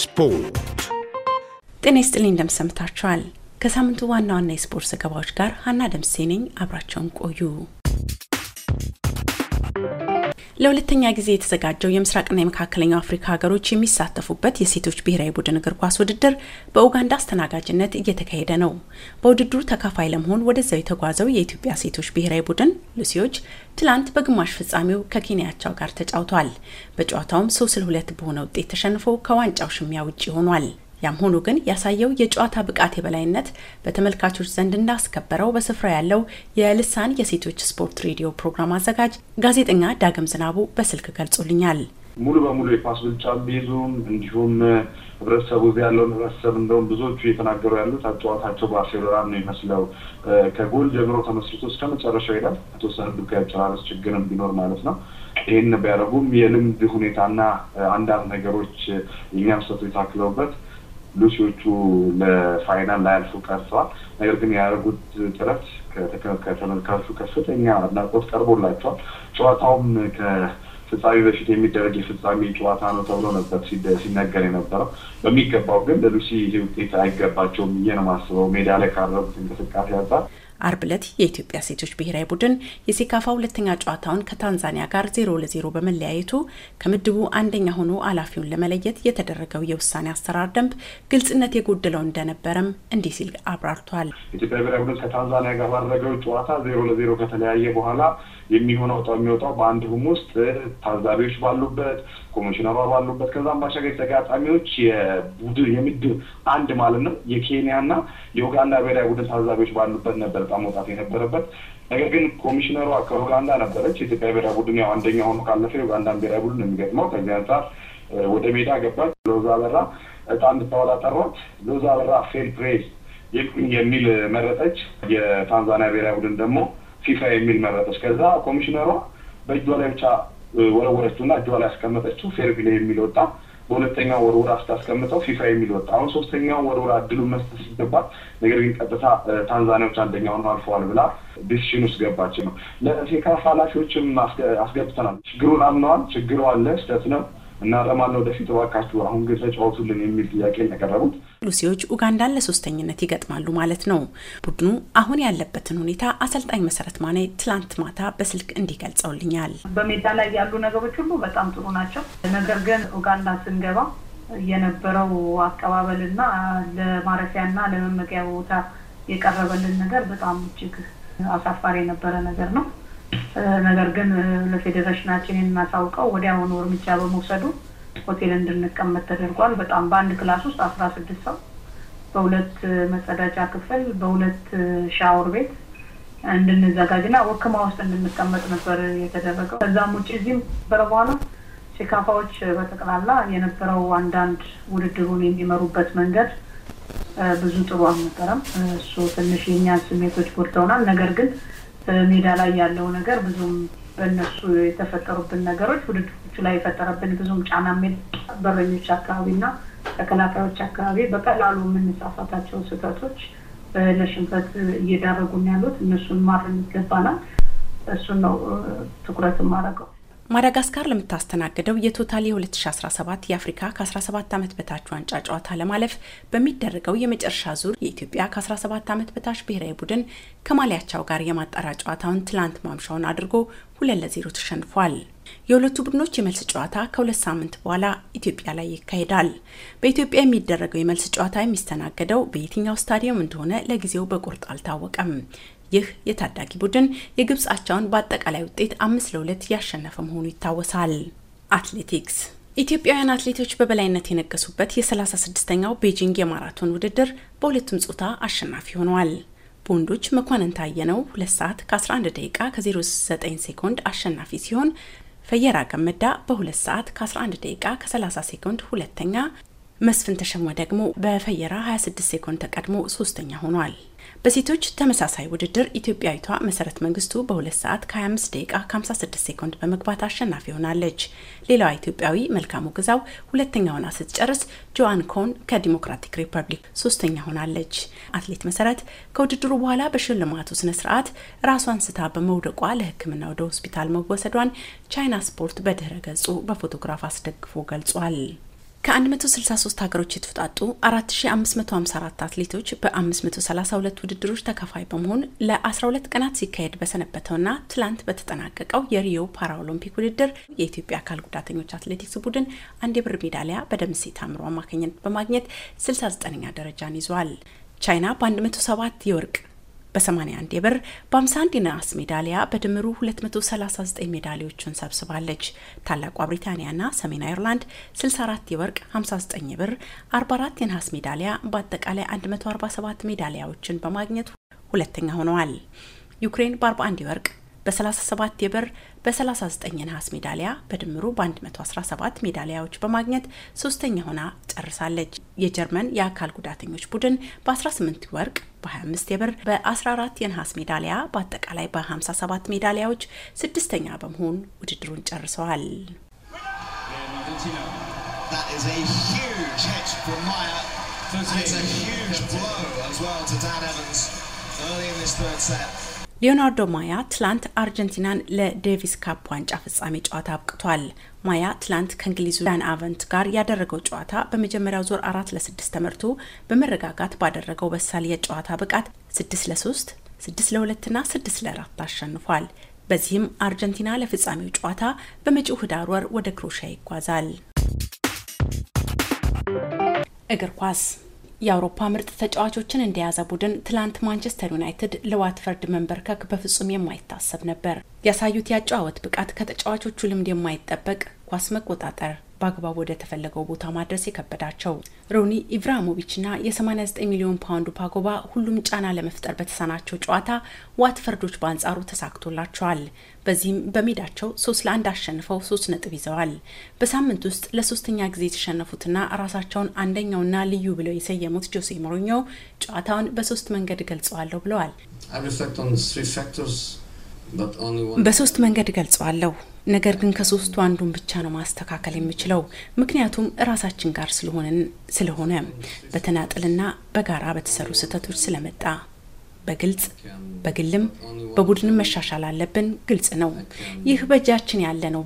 ስፖርት ጤና ይስጥልኝ። እንደምሰምታችኋል። ከሳምንቱ ዋና ዋና የስፖርት ዘገባዎች ጋር ሀና ደምሴ ነኝ። አብራቸውን ቆዩ። ለሁለተኛ ጊዜ የተዘጋጀው የምስራቅና የመካከለኛው አፍሪካ ሀገሮች የሚሳተፉበት የሴቶች ብሔራዊ ቡድን እግር ኳስ ውድድር በኡጋንዳ አስተናጋጅነት እየተካሄደ ነው። በውድድሩ ተካፋይ ለመሆን ወደዚያው የተጓዘው የኢትዮጵያ ሴቶች ብሔራዊ ቡድን ሉሲዎች ትላንት በግማሽ ፍጻሜው ከኬንያቻው ጋር ተጫውቷል። በጨዋታውም ሶስት ለሁለት በሆነ ውጤት ተሸንፎ ከዋንጫው ሽሚያ ውጭ ሆኗል። ያም ሆኖ ግን ያሳየው የጨዋታ ብቃት የበላይነት በተመልካቾች ዘንድ እንዳስከበረው በስፍራ ያለው የልሳን የሴቶች ስፖርት ሬዲዮ ፕሮግራም አዘጋጅ ጋዜጠኛ ዳግም ዝናቡ በስልክ ገልጾልኛል። ሙሉ በሙሉ የኳስ ብልጫ ቢይዙም እንዲሁም ህብረተሰቡ እዚህ ያለውን ህብረተሰብ እንደውም ብዙዎቹ እየተናገሩ ያሉት አጫዋታቸው ባርሴሎና ነው ይመስለው ከጎል ጀምሮ ተመስርቶ እስከ መጨረሻው ይላል። የተወሰነ ዱካ ያጨራረስ ችግርም ቢኖር ማለት ነው። ይህን ቢያደርጉም የልምድ ሁኔታና አንዳንድ ነገሮች የሚያምሰቱ የታክለውበት ሉሲዎቹ ለፋይናል ላያልፉ ቀርተዋል። ነገር ግን ያደረጉት ጥረት ከተመልካቹ ከፍተኛ አድናቆት ቀርቦላቸዋል። ጨዋታውም ከፍጻሜ በፊት የሚደረግ የፍጻሜ ጨዋታ ነው ተብሎ ነበር ሲነገር የነበረው። በሚገባው ግን ለሉሲ ይሄ ውጤት አይገባቸውም ብዬ ነው የማስበው። ሜዳ ላይ ካረጉት እንቅስቃሴ አንጻር አርብ ዕለት የኢትዮጵያ ሴቶች ብሔራዊ ቡድን የሴካፋ ሁለተኛ ጨዋታውን ከታንዛኒያ ጋር ዜሮ ለዜሮ በመለያየቱ ከምድቡ አንደኛ ሆኖ አላፊውን ለመለየት የተደረገው የውሳኔ አሰራር ደንብ ግልጽነት የጎደለው እንደነበረም እንዲህ ሲል አብራርቷል። ኢትዮጵያ ብሔራዊ ቡድን ከታንዛኒያ ጋር ባደረገው ጨዋታ ዜሮ ለዜሮ ከተለያየ በኋላ የሚሆነው ጣው የሚወጣው በአንድ ሁም ውስጥ ታዛቢዎች ባሉበት ኮሚሽነሯ ባሉበት ከዛም ባሻገር ተጋጣሚዎች የቡድን የምድብ አንድ ማለት ነው የኬንያና የኡጋንዳ ብሔራዊ ቡድን ታዛቢዎች ባሉበት ነበር በጣም መውጣት የነበረበት። ነገር ግን ኮሚሽነሯ ከኡጋንዳ ነበረች። የኢትዮጵያ ብሔራዊ ቡድን ያው አንደኛ ሆኖ ካለፈ የኡጋንዳን ብሔራዊ ቡድን የሚገጥመው። ከዚህ አንጻር ወደ ሜዳ ገባች። ሎዛ በራ እጣ እንድታወጣ ጠሯት። ሎዛ በራ ፌር ፕሬይ የሚል መረጠች። የታንዛኒያ ብሔራዊ ቡድን ደግሞ ፊፋ የሚል መረጠች። ከዛ ኮሚሽነሯ በእጇ ላይ ብቻ እና እጇ ላይ ያስቀመጠችው ፌር የሚል ወጣ። በሁለተኛው ወር ወር ስታስቀምጠው ፊፋ የሚል ወጣ። አሁን ሶስተኛው ወር ወር እድሉን መስጠት ሲገባት፣ ነገር ግን ቀጥታ ታንዛኒያዎች አንደኛውን አልፈዋል ብላ ዲሲሽን ውስጥ ገባች ነው። ለሴካፍ ኃላፊዎችም አስገብተናል። ችግሩን አምነዋል። ችግሩ አለ፣ ስህተት ነው፣ እናረማለን ወደፊት፣ እባካችሁ አሁን ግን ተጫወቱልን የሚል ጥያቄ ያቀረቡት ሉሲዎች ኡጋንዳን ለሶስተኝነት ይገጥማሉ ማለት ነው። ቡድኑ አሁን ያለበትን ሁኔታ አሰልጣኝ መሰረት ማኔ ትላንት ማታ በስልክ እንዲህ ገልጸውልኛል። በሜዳ ላይ ያሉ ነገሮች ሁሉ በጣም ጥሩ ናቸው። ነገር ግን ኡጋንዳ ስንገባ የነበረው አቀባበልና ለማረፊያና ለመመገያ ቦታ የቀረበልን ነገር በጣም እጅግ አሳፋሪ የነበረ ነገር ነው። ነገር ግን ለፌዴሬሽናችን የምናሳውቀው ወዲያውኑ እርምጃ በመውሰዱ ሆቴል እንድንቀመጥ ተደርጓል። በጣም በአንድ ክላስ ውስጥ አስራ ስድስት ሰው በሁለት መጸዳጃ ክፍል በሁለት ሻወር ቤት እንድንዘጋጅና ወክማ ውስጥ እንድንቀመጥ ነበር የተደረገው። ከዛም ውጭ እዚህም በረ በኋላ ሴካፋዎች በጠቅላላ የነበረው አንዳንድ ውድድሩን የሚመሩበት መንገድ ብዙ ጥሩ አልነበረም። እሱ ትንሽ የእኛን ስሜቶች ጎድተውናል። ነገር ግን ሜዳ ላይ ያለው ነገር ብዙም በእነሱ የተፈጠሩብን ነገሮች ውድድሮቹ ላይ የፈጠረብን ብዙም ጫና ሚል በረኞች አካባቢና ተከላካዮች አካባቢ በቀላሉ የምንሳሳታቸው ስህተቶች ለሽንፈት እየዳረጉን ያሉት እነሱን ማረም ይገባናል። እሱን ነው ትኩረት ማድረገው። ማዳጋስካር ለምታስተናግደው የቶታል የ2017 የአፍሪካ ከ17 ዓመት በታች ዋንጫ ጨዋታ ለማለፍ በሚደረገው የመጨረሻ ዙር የኢትዮጵያ ከ17 ዓመት በታች ብሔራዊ ቡድን ከማሊያቻው ጋር የማጣሪያ ጨዋታውን ትላንት ማምሻውን አድርጎ ሁለት ለዜሮ ተሸንፏል። የሁለቱ ቡድኖች የመልስ ጨዋታ ከሁለት ሳምንት በኋላ ኢትዮጵያ ላይ ይካሄዳል። በኢትዮጵያ የሚደረገው የመልስ ጨዋታ የሚስተናገደው በየትኛው ስታዲየም እንደሆነ ለጊዜው በቁርጥ አልታወቀም። ይህ የታዳጊ ቡድን የግብፅ አቻውን በአጠቃላይ ውጤት አምስት ለሁለት ያሸነፈ መሆኑ ይታወሳል። አትሌቲክስ ኢትዮጵያውያን አትሌቶች በበላይነት የነገሱበት የ36ኛው ቤጂንግ የማራቶን ውድድር በሁለቱም ጾታ አሸናፊ ሆኗል። በወንዶች መኳንን ታየነው 2 ሰዓት ከ11 ደቂቃ ከ09 ሴኮንድ አሸናፊ ሲሆን ፈየራ ገመዳ በ2 ሰዓት ከ11 ደቂቃ ከ30 ሴኮንድ ሁለተኛ፣ መስፍን ተሸሞ ደግሞ በፈየራ 26 ሴኮንድ ተቀድሞ ሶስተኛ ሆኗል። በሴቶች ተመሳሳይ ውድድር ኢትዮጵያዊቷ መሰረት መንግስቱ በ2 ሰዓት ከ25 ደቂቃ ከ56 ሴኮንድ በመግባት አሸናፊ ሆናለች። ሌላዋ ኢትዮጵያዊ መልካሙ ግዛው ሁለተኛ ሆና ስትጨርስ፣ ጆአን ኮን ከዲሞክራቲክ ሪፐብሊክ ሶስተኛ ሆናለች። አትሌት መሰረት ከውድድሩ በኋላ በሽልማቱ ስነ ስርዓት ራሷን ስታ በመውደቋ ለሕክምና ወደ ሆስፒታል መወሰዷን ቻይና ስፖርት በድህረ ገጹ በፎቶግራፍ አስደግፎ ገልጿል። ከ163 ሀገሮች የተውጣጡ 4554 አትሌቶች በ532 ውድድሮች ተካፋይ በመሆን ለ12 ቀናት ሲካሄድ በሰነበተውና ትላንት በተጠናቀቀው የሪዮ ፓራኦሎምፒክ ውድድር የኢትዮጵያ አካል ጉዳተኞች አትሌቲክስ ቡድን አንድ የብር ሜዳሊያ በደምሴ ታምሮ አማካኝነት በማግኘት 69ኛ ደረጃን ይዟል። ቻይና በ107 የወርቅ በ81 የብር በ51 የነሐስ ሜዳሊያ በድምሩ 239 ሜዳሊያዎችን ሰብስባለች። ታላቋ ብሪታንያና ሰሜን አይርላንድ 64 የወርቅ፣ 59 የብር፣ 44 የነሐስ ሜዳሊያ በአጠቃላይ 147 ሜዳሊያዎችን በማግኘት ሁለተኛ ሆነዋል። ዩክሬን በ41 የወርቅ በ37 የብር በ39 የነሐስ ሜዳሊያ በድምሩ በ117 ሜዳሊያዎች በማግኘት ሶስተኛ ሆና ጨርሳለች። የጀርመን የአካል ጉዳተኞች ቡድን በ18 ወርቅ በ25 የብር በ14 የነሐስ ሜዳሊያ በአጠቃላይ በ57 ሜዳሊያዎች ስድስተኛ በመሆን ውድድሩን ጨርሰዋል። early in this third set. ሊዮናርዶ ማያ ትላንት አርጀንቲናን ለዴቪስ ካፕ ዋንጫ ፍጻሜ ጨዋታ አብቅቷል። ማያ ትላንት ከእንግሊዙ ዳን አቨንት ጋር ያደረገው ጨዋታ በመጀመሪያው ዙር አራት ለስድስት ተመርቶ በመረጋጋት ባደረገው በሳል የጨዋታ ብቃት ስድስት ለሶስት ስድስት ለሁለት ና ስድስት ለአራት አሸንፏል። በዚህም አርጀንቲና ለፍጻሜው ጨዋታ በመጪው ህዳር ወር ወደ ክሮሻ ይጓዛል። እግር ኳስ የአውሮፓ ምርጥ ተጫዋቾችን እንደያዘ ቡድን ትላንት ማንቸስተር ዩናይትድ ለዋትፈርድ መንበርከክ በፍጹም የማይታሰብ ነበር። ያሳዩት ያጨዋወት ብቃት ከተጫዋቾቹ ልምድ የማይጠበቅ ኳስ መቆጣጠር በአግባቡ ወደ ተፈለገው ቦታ ማድረስ የከበዳቸው ሮኒ ኢብራሞቪችና የ89 ሚሊዮን ፓውንዱ ፓጎባ ሁሉም ጫና ለመፍጠር በተሳናቸው ጨዋታ ዋትፈርዶች በአንጻሩ ተሳክቶላቸዋል። በዚህም በሜዳቸው ሶስት ለአንድ አሸንፈው ሶስት ነጥብ ይዘዋል። በሳምንት ውስጥ ለሶስተኛ ጊዜ የተሸነፉትና ራሳቸውን አንደኛውና ልዩ ብለው የሰየሙት ጆሴ ሞሪኞ ጨዋታውን በሶስት መንገድ ገልጸዋለሁ ብለዋል። በሶስት መንገድ ገልጸዋለሁ። ነገር ግን ከሶስቱ አንዱን ብቻ ነው ማስተካከል የምችለው፣ ምክንያቱም እራሳችን ጋር ስለሆንን ስለሆነ በተናጥልና በጋራ በተሰሩ ስህተቶች ስለመጣ በግልጽ በግልም በቡድንም መሻሻል አለብን። ግልጽ ነው፣ ይህ በእጃችን ያለ ነው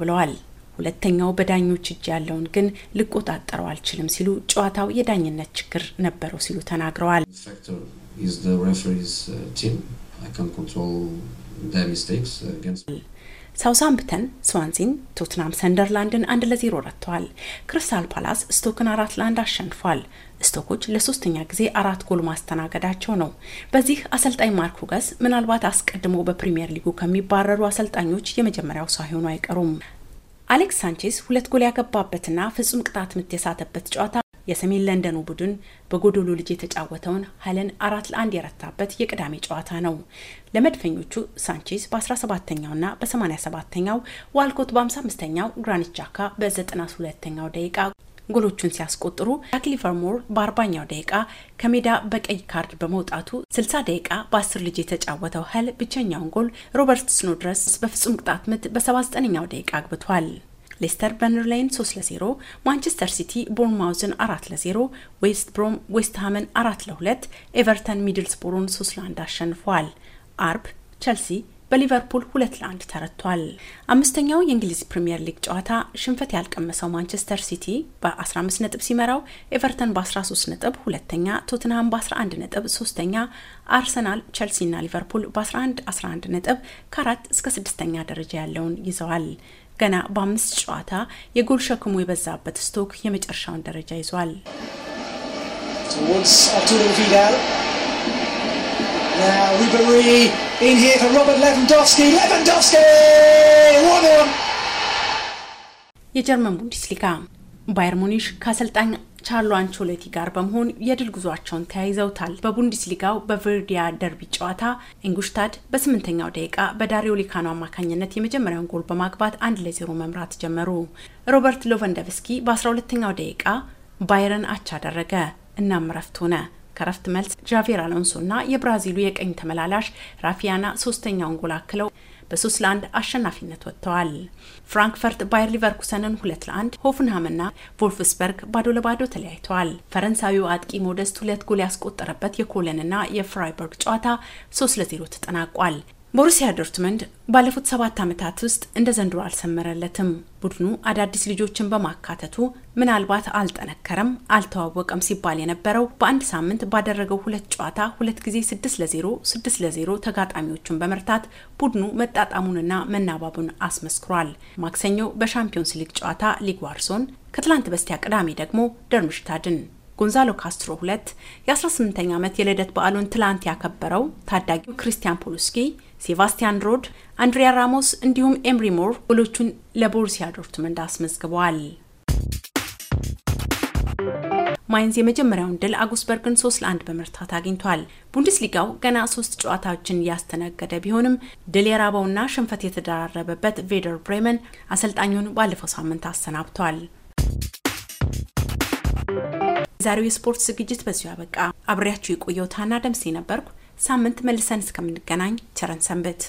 ብለዋል። ሁለተኛው በዳኞች እጅ ያለውን ግን ልቆጣጠረው አልችልም ሲሉ ጨዋታው የዳኝነት ችግር ነበረው ሲሉ ተናግረዋል። is the referee's uh, team. I can control their mistakes against ሳውሳምፕተን ስዋንሲን፣ ቶትናም ሰንደርላንድን አንድ ለዜሮ ረጥተዋል። ክሪስታል ፓላስ ስቶክን አራት ለአንድ አሸንፏል። ስቶኮች ለሶስተኛ ጊዜ አራት ጎል ማስተናገዳቸው ነው። በዚህ አሰልጣኝ ማርክ ሁገስ ምናልባት አስቀድሞ በፕሪምየር ሊጉ ከሚባረሩ አሰልጣኞች የመጀመሪያው ሳይሆኑ አይቀሩም። አሌክስ ሳንቼስ ሁለት ጎል ያገባበትና ፍጹም ቅጣት ምት የሳተበት ጨዋታ የሰሜን ለንደኑ ቡድን በጎዶሎ ልጅ የተጫወተውን ሀለን አራት ለአንድ የረታበት የቅዳሜ ጨዋታ ነው። ለመድፈኞቹ ሳንቼዝ በ17ኛውና በ87ኛው ዋልኮት በ55ኛው ግራኒት ጃካ በ92ኛው ደቂቃ ጎሎቹን ሲያስቆጥሩ ክሊፈር ሞር በአርባኛው ደቂቃ ከሜዳ በቀይ ካርድ በመውጣቱ 60 ደቂቃ በ10 ልጅ የተጫወተው ሀል ብቸኛውን ጎል ሮበርት ስኖ ድረስ በፍጹም ቅጣት ምት በ79ኛው ደቂቃ አግብቷል። ሌስተር በርንሌይን 3 ለ0፣ ማንቸስተር ሲቲ ቦርማውዝን 4 ለ0፣ ዌስት ብሮም ዌስትሃምን 4 ለ2፣ ኤቨርተን ሚድልስቦሮን 3 ለ1 አሸንፏል። አርብ ቸልሲ በሊቨርፑል ሁለት ለአንድ ተረቷል። አምስተኛው የእንግሊዝ ፕሪምየር ሊግ ጨዋታ ሽንፈት ያልቀመሰው ማንቸስተር ሲቲ በ15 ነጥብ ሲመራው ኤቨርተን በ13 ነጥብ ሁለተኛ፣ ቶትንሃም በ11 ነጥብ ሶስተኛ፣ አርሰናል፣ ቸልሲ ና ሊቨርፑል በ11 11 ነጥብ ከአራት እስከ ስድስተኛ ደረጃ ያለውን ይዘዋል። ገና በአምስት ጨዋታ የጎል ሸክሙ የበዛበት ስቶክ የመጨረሻውን ደረጃ ይዟል። የጀርመን ቡንደስሊጋ ባየር ሙኒሽ ከአሰልጣኝ ቻርሎ አንቾሎቲ ጋር በመሆን የድል ጉዟቸውን ተያይዘውታል። በቡንደስሊጋው በቨርዲያ ደርቢ ጨዋታ ኢንጉሽታድ በስምንተኛው ደቂቃ በዳሪዮ ሊካኖ አማካኝነት የመጀመሪያውን ጎል በማግባት አንድ ለዜሮ መምራት ጀመሩ። ሮበርት ሎቫንዶቭስኪ በ12ኛው ደቂቃ ባየርን አቻ አደረገ። እናም ረፍት ሆነ። ከረፍት መልስ ጃቬር አሎንሶ እና የብራዚሉ የቀኝ ተመላላሽ ራፊያና ሶስተኛውን ጎል አክለው በሶስት ለአንድ አሸናፊነት ወጥተዋል። ፍራንክፈርት ባየር ሊቨርኩሰንን ሁለት ለአንድ፣ ሆፍንሃምና ቮልፍስበርግ ባዶ ለባዶ ተለያይተዋል። ፈረንሳዊው አጥቂ ሞደስት ሁለት ጎል ያስቆጠረበት የኮለንና የፍራይበርግ ጨዋታ ሶስት ለዜሮ ተጠናቋል። ቦሩሲያ ዶርትመንድ ባለፉት ሰባት ዓመታት ውስጥ እንደ ዘንድሮ አልሰመረለትም። ቡድኑ አዳዲስ ልጆችን በማካተቱ ምናልባት አልጠነከረም፣ አልተዋወቀም ሲባል የነበረው በአንድ ሳምንት ባደረገው ሁለት ጨዋታ ሁለት ጊዜ ስድስት ለዜሮ ስድስት ለዜሮ ተጋጣሚዎቹን በመርታት ቡድኑ መጣጣሙንና መናባቡን አስመስክሯል። ማክሰኞ በሻምፒዮንስ ሊግ ጨዋታ ሊግ ዋርሶን፣ ከትላንት በስቲያ ቅዳሜ ደግሞ ደርምሽታድን ጎንዛሎ ካስትሮ ሁለት የ18ኛ ዓመት የልደት በዓሉን ትላንት ያከበረው ታዳጊው ክሪስቲያን ፖሎስኪ ሴባስቲያን ሮድ፣ አንድሪያ ራሞስ እንዲሁም ኤምሪ ሞር ጎሎቹን ለቦሩሲያ ዶርትመንድ አስመዝግበዋል። ማይንዝ የመጀመሪያውን ድል አጉስበርግን ሶስት ለአንድ በመርታት አግኝቷል። ቡንደስሊጋው ገና ሶስት ጨዋታዎችን እያስተናገደ ቢሆንም ድል የራበውና ሽንፈት የተደራረበበት ቬደር ብሬመን አሰልጣኙን ባለፈው ሳምንት አሰናብቷል። የዛሬው የስፖርት ዝግጅት በዚሁ ያበቃ። አብሬያችሁ የቆየው ታና ደምሴ ነበርኩ። ሳምንት መልሰን እስከምንገናኝ ቸረን ሰንብት።